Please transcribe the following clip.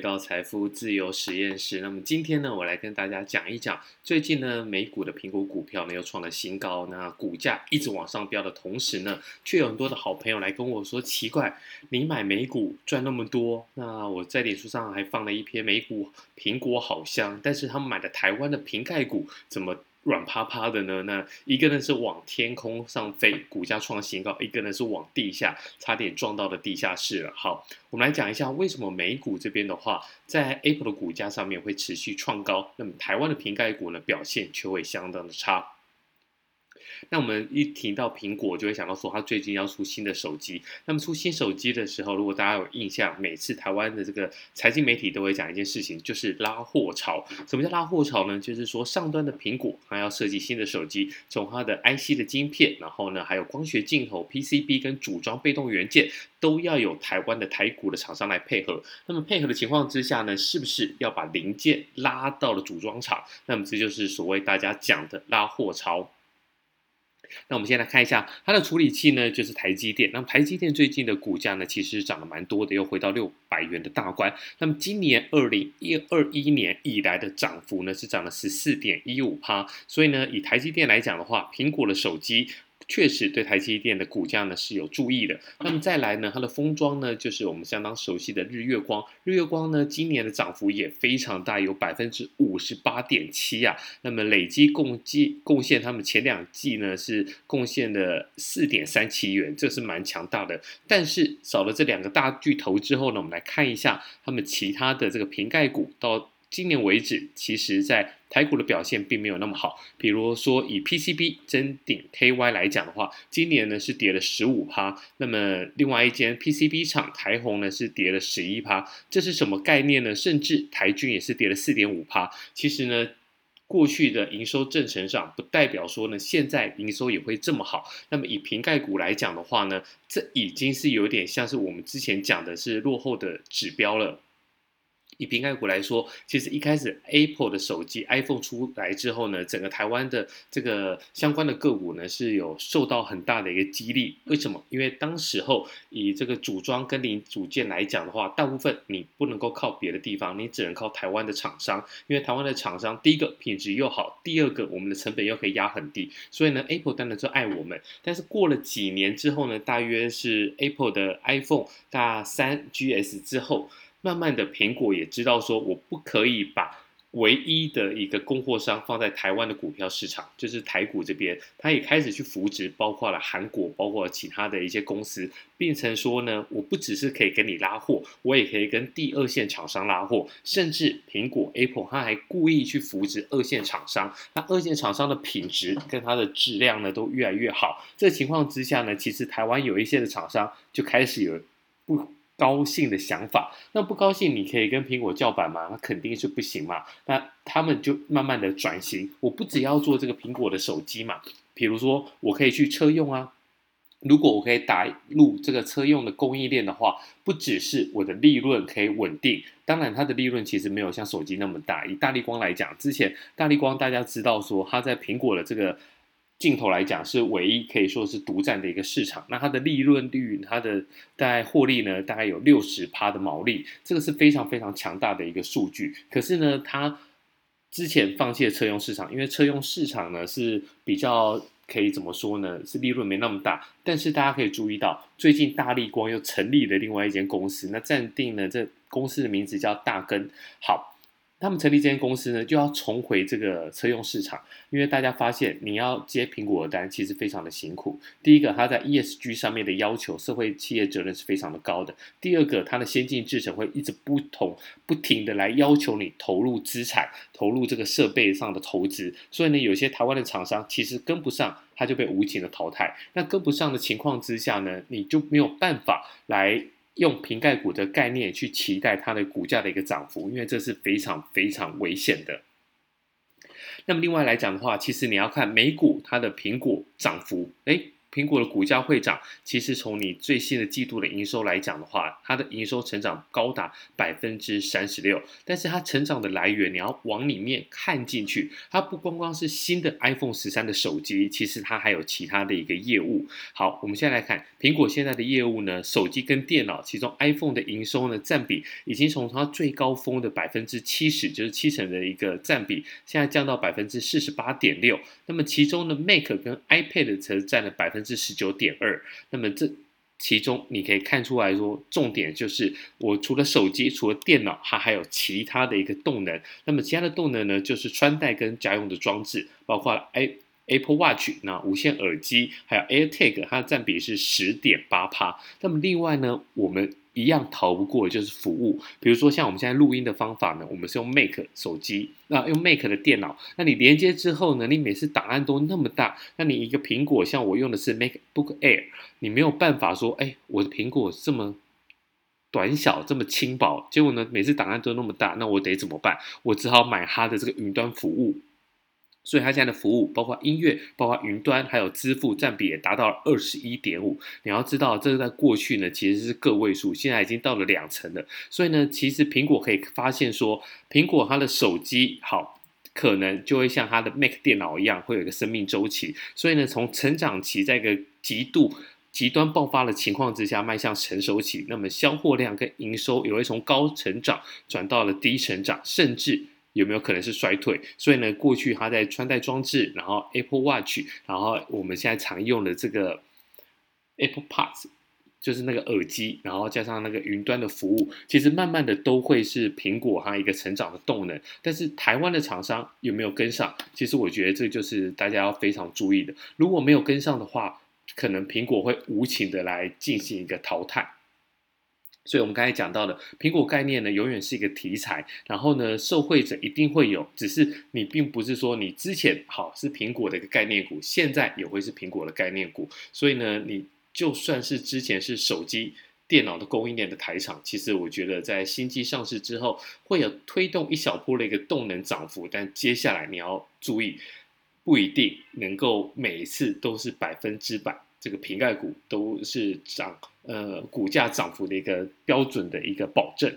到財富自由實驗室。那麼今天呢，我來跟大家講一講，最近呢，美股的蘋果股票呢又創了新高，那股價一直往上飆的同時呢，卻有很多的好朋友來跟我說，奇怪，你買美股賺那麼多，那我在臉書上還放了一篇美股蘋果好香，但是他們買的台灣的蘋概股怎麼？軟趴趴的呢？那一個呢是往天空上飛，股價創新高；一個呢是往地下，差點撞到了地下室了。好，我們來講一下為什麼美股這邊的話，在 Apple 的股價上面會持續創高，那麼台灣的蘋概股呢表現卻會相當的差。那我們一提到蘋果，就會想到說它最近要出新的手機。那麼出新手機的時候，如果大家有印象，每次台灣的這個財經媒體都會講一件事情，就是拉貨潮。什麼叫拉貨潮呢？就是說上端的蘋果它要設計新的手機，從它的 IC 的晶片，然後呢還有光學鏡頭、PCB 跟組裝被動元件，都要有台灣的台股的廠商來配合。那麼配合的情況之下呢，是不是要把零件拉到了組裝廠？那麼這就是所謂大家講的拉貨潮。那我們先來看一下它的處理器呢，就是台積電。那麼台積電最近的股價呢，其實漲了蠻多的，又回到六百元的大關。那麼今年二零一二一年以來的漲幅呢，是漲了十四點一五趴。所以呢，以台積電來講的話，蘋果的手機。確實對台積電的股價呢，是有注意的。那麼再來呢，它的封裝呢，就是我們相當熟悉的日月光。日月光呢，今年的漲幅也非常大，有百分之五十八點七啊。那麼累計共計貢獻，貢獻他們前兩季呢，是貢獻的四點三七元，這是蠻強大的。但是少了這兩個大巨頭之後呢，我們來看一下他們其他的這個蘋概股，到今年為止，其實在。台股的表現並沒有那麼好，比如說以 PCB 臻鼎 KY 來講的話，今年呢是跌了十五趴，那麼另外一間 PCB 廠台虹呢是跌了十一趴，這是什麼概念呢？甚至台郡也是跌了四點五趴。其實呢，過去的營收正成長不代表說呢現在營收也會這麼好。那麼以蘋概股來講的話呢，這已經是有點像是我們之前講的是落後的指標了。以蘋概股來說，其實一開始 Apple 的手機 iPhone 出來之後呢，整個台灣的這個相關的個股呢是有受到很大的一個激勵。為什麼？因為當時候以這個組裝跟零組件來講的話，大部分你不能夠靠別的地方，你只能靠台灣的廠商。因為台灣的廠商，第一個品質又好，第二個我們的成本又可以壓很低，所以呢，Apple 當然就愛我們。但是過了幾年之後呢，大約是 Apple 的 iPhone 大三 GS 之後。慢慢的，蘋果也知道說，我不可以把唯一的一個供貨商放在台灣的股票市場，就是台股這邊，他也開始去扶植，包括了韓國，包括了其他的一些公司，變成說呢，我不只是可以跟你拉貨，我也可以跟第二線廠商拉貨，甚至蘋果 Apple 他還故意去扶植二線廠商，那二線廠商的品質跟它的質量呢，都越來越好。這情況之下呢，其實台灣有一些的廠商就開始有不。高興的想法，那不高興你可以跟蘋果叫板嗎？那肯定是不行嘛。那他們就慢慢的轉型，我不只要做這個蘋果的手機嘛，比如說我可以去車用啊。如果我可以打入這個車用的供應鏈的話，不只是我的利潤可以穩定，當然它的利潤其實沒有像手機那麼大。以大立光來講，之前大立光大家知道說它在蘋果的這個。鏡頭來講是唯一可以說是獨占的一個市場，那它的利潤率，它的大概獲利呢，大概有六十趴的毛利，這個是非常非常強大的一個數據。可是呢，它之前放棄了車用市場，因為車用市場呢是比較可以怎麼說呢，是利潤沒那麼大。但是大家可以注意到，最近大立光又成立了另外一間公司，那暫定呢，這公司的名字叫大根。好。他們成立這間公司呢，就要重回這個車用市場，因為大家發現你要接蘋果的單，其實非常的辛苦。第一個，他在 ESG 上面的要求，社會企業責任是非常的高的；第二個，它的先進製程會一直不同，不停的來要求你投入資產，投入這個設備上的投資。所以呢，有些台灣的廠商其實跟不上，他就被無情的淘汰。那跟不上的情況之下呢，你就沒有辦法來。用蘋概股的概念去期待它的股價的一個漲幅，因為這是非常非常危險的。那麼，另外來講的話，其實你要看美股它的蘋果漲幅，哎。蘋果的股價會漲，其實從你最新的季度的營收來講的話，它的營收成長高達百分之三十六。但是它成長的來源，你要往裡面看進去，它不光光是新的 iPhone 十三的手機，其實它還有其他的一個業務。好，我們現在來看蘋果現在的業務呢，手機跟電腦，其中 iPhone 的營收呢占比已經從它最高峰的百分之七十，就是七成的一個占比，現在降到百分之四十八點六。那麼其中的 Mac 跟 iPad 則占了百分。百分之十九點二，那麼這其中你可以看出來說，重點就是我除了手機，除了電腦，它還有其他的一個動能。那麼其他的動能呢，就是穿戴跟家用的裝置，包括 Apple Watch、那無線耳機，還有 AirTag，它的佔比是十點八趴。那麼另外呢，我們，一樣逃不過的就是服務，比如說像我們現在錄音的方法呢，我們是用 Mac 手機，那用 Mac 的電腦，那你連接之後呢，你每次檔案都那麼大，那你一個蘋果，像我用的是 MacBook Air，你沒有辦法說，哎，我的蘋果這麼短小，這麼輕薄，結果呢每次檔案都那麼大，那我得怎麼辦？我只好買它的這個雲端服務。所以它現在的服務，包括音樂、包括雲端，還有支付，佔比也達到了二十一點五。你要知道，這是在過去呢，其實是個位數，現在已經到了兩成了。所以呢，其實蘋果可以發現說，蘋果它的手機好，可能就會像它的 Mac 電腦一樣，會有一個生命週期。所以呢，從成長期，在一個極度極端爆發的情況之下，邁向成熟期，那麼銷貨量跟營收也會從高成長轉到了低成長，甚至。有沒有可能是衰退？所以呢，過去它在穿戴裝置，然後 Apple Watch，然後我們現在常用的這個 Apple Pods，就是那個耳機，然後加上那個雲端的服務，其實慢慢的都會是蘋果它一個成長的動能。但是台灣的廠商有沒有跟上？其實我覺得這就是大家要非常注意的。如果沒有跟上的話，可能蘋果會無情的來進行一個淘汰。所以，我們剛才講到的蘋果概念呢，永遠是一個題材。然後呢，受惠者一定會有，只是你並不是說你之前好是蘋果的一個概念股，現在也會是蘋果的概念股。所以呢，你就算是之前是手機、電腦的供應鏈的台廠，其實我覺得在新機上市之後，會有推動一小波的一個動能漲幅。但接下來你要注意，不一定能夠每一次都是百分之百，這個蘋概股都是漲。呃，股價漲幅的一個標準的一個保證。